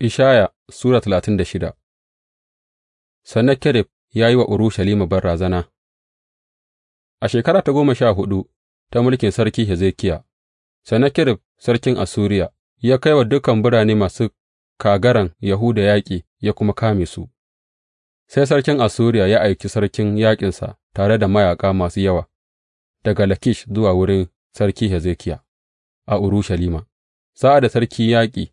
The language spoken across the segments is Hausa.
Ishaya Sura talatin da shida Sennakerib ya yi wa Urushalima barazana A shekara ta goma sha huɗu ta mulkin Sarki Hezekiya, Sennakerib sarkin asuriya, ya kai wa dukan birane masu kagaran Yahuda yaƙi ya kuma kame su, sai sarkin Assuriya ya aiki sarkin yaƙinsa tare da mayaƙa masu yawa daga Lakish zuwa wurin Sarki Hezekiya a Urushalima, sa'ad da sarki yaƙi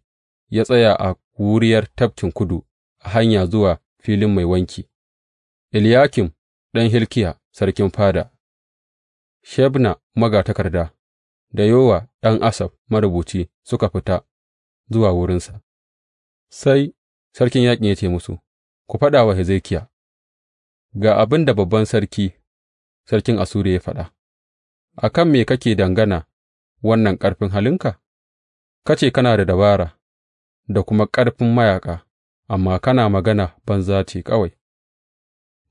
ya tsaya a wuriyar tafkin kudu a hanya zuwa filin mai wanki, Eliyakim ɗan Hilkiya sarkin fada, Shebna magatakarda, da Yowa ɗan Asaf marubuci suka fita zuwa wurinsa, sai sarkin yaƙin ya ce musu, Ku faɗa wa Hezekiya, ga abin da babban sarki, sarkin Assuriya ya faɗa, a kan me kake dangana wannan ƙarfin halinka? Ka ce kana da dabara, da kuma ƙarfin mayaƙa, amma kana magana banza ce kawai.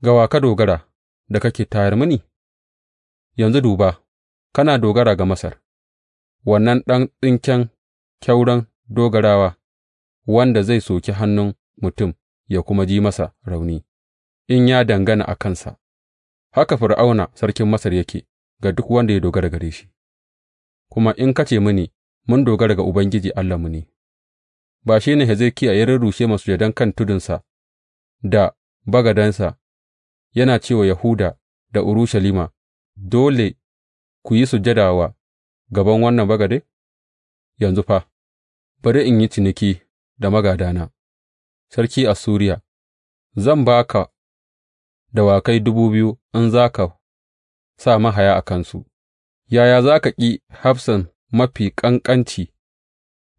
Ga wa ka dogara da kake tayar mini? Yanzu duba, kana dogara ga Masar, wannan ɗan tsinken kyauron dogarawa, wanda zai soki hannun mutum ya kuma ji masa rauni, in ya dangana a kansa, haka Fir'auna sarkin Masar yake ga duk wanda ya dogara gare shi, kuma in ka ce mini, Mun dogara ga Ubangiji Allahnmu ne. ba shi ne Hezekiya ya rurrushe masujadan kan tudunsa da bagadansa, yana cewa Yahuda da Urushalima, Dole ku yi sujada wa gaban wannan bagade? Yanzu fa, bari in yi ciniki da magadana, sarki Assuriya, zan ba ka dawakai dubu biyu in za ka sa mahaya a kansu, yaya za ka ƙi hafsan mafi ƙanƙanci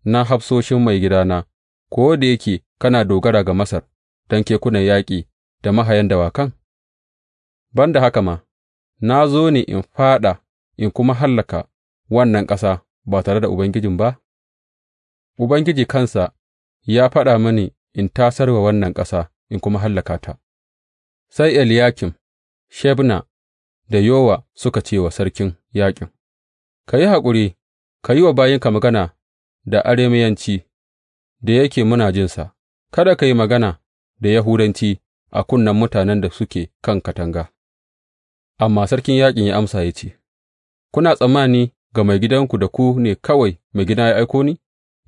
na hafsoshin maigidana, ko da yake kana dogara ga Masar don kekunan yaƙi da mahayan dawakan? Ban da haka ma, na zo ne in fāɗa in kuma hallaka wannan ƙasa ba tare da Ubangijin ba? Ubangiji kansa ya faɗa mini in tasar wa wannan ƙasa in kuma hallaka ta. Sai Eliyakim, Shebna da Yowa suka ce wa sarkin yaƙin, Ka yi haƙuri, ka yi wa bayinka magana da Arameyanci, da yake muna jinsa, kada ka yi magana da Yahudanci a kunnen mutanen da suke kan katanga. Amma sarkin yaƙin ya amsa ya ce, Kuna tsammani ga maigidanku da ku ne kawai gida ya aiko ni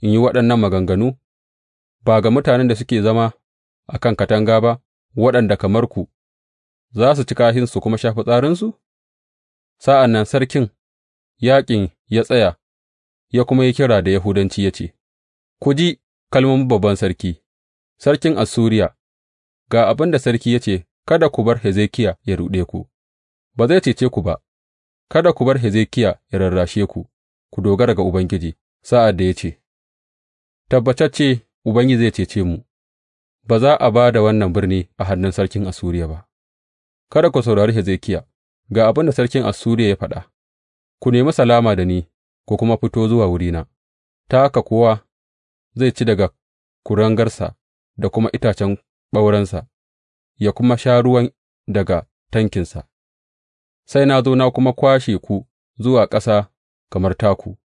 in yi waɗannan maganganu, ba ga mutanen da suke zama a kan katanga ba, waɗanda kamar ku za su ci kashinsu kuma sha fitsarinsu? Sa'an nan sarkin yaƙin ya tsaya ya kuma yi kira da Yahudanci ya ce, Ku ji kalmomin babban sarki, sarkin Assuriya, ga abin da sarki ya ce, Kada ku bar Hezekiya ya ruɗe ku, ba zai cece ku ba, kada ku bar Hezekiya ya rarrashe ku, ku dogara ga Ubangiji sa'ad da ya ce, Tabbatacce Ubangiji zai cece mu, ba za a ba da wannan birni a hannun sarkin Assuriya ba. Kada ku saurari Hezekiya, ga abin da sarkin Assuriya ya faɗa, ku nemi salama da ni ku kuma fito zuwa wurina, ta haka kowa zai ci daga kurangarsa da kuma itacen ɓaurensa, ya kuma sha ruwan daga tankinsa, sai na zo na kuma kwashe ku zuwa ƙasa kamar taku,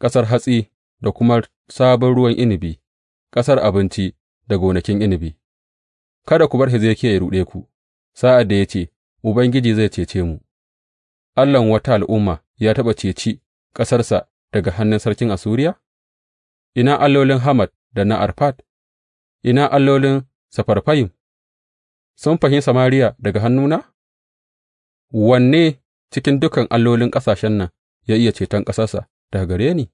ƙasar hatsi da kuma sabon ruwan inibi, ƙasar abinci da gonakin inibi. Kada ku bar Hezekiya ya ruɗe ku, sa'ad da ya ce, Ubangiji zai cece mu, Allahn wata al'umma ya taɓa ceci ƙasarsa daga hannun sarkin Assuriya? Ina allolin Hamad da na Arfad, ina allolin Safarfayim? sun fahi Samariya daga hannuna? Wanne cikin dukan allolin ƙasashen nan ya iya ceton ƙasarsa daga gare ni?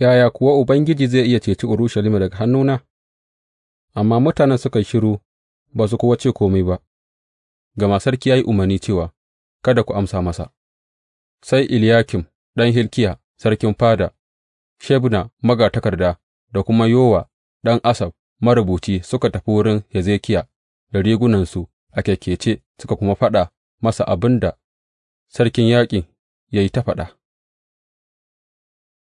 Yaya kuwa Ubangiji zai iya ceci Urushalima daga hannuna? Amma mutanen suka yi shiru ba su kuwa ce kome ba, gama sarki ya yi umarni cewa, Kada ku amsa masa, sai Iliyakim ɗan Hilkiya sarkin fada, Shebna magatakarda da kuma Yowa ɗan Asaf marubuci suka tafi wurin Hezekiya da rigunansu a kyakkece suka kuma faɗa masa abin da sarkin yaƙin ya yi ta faɗa.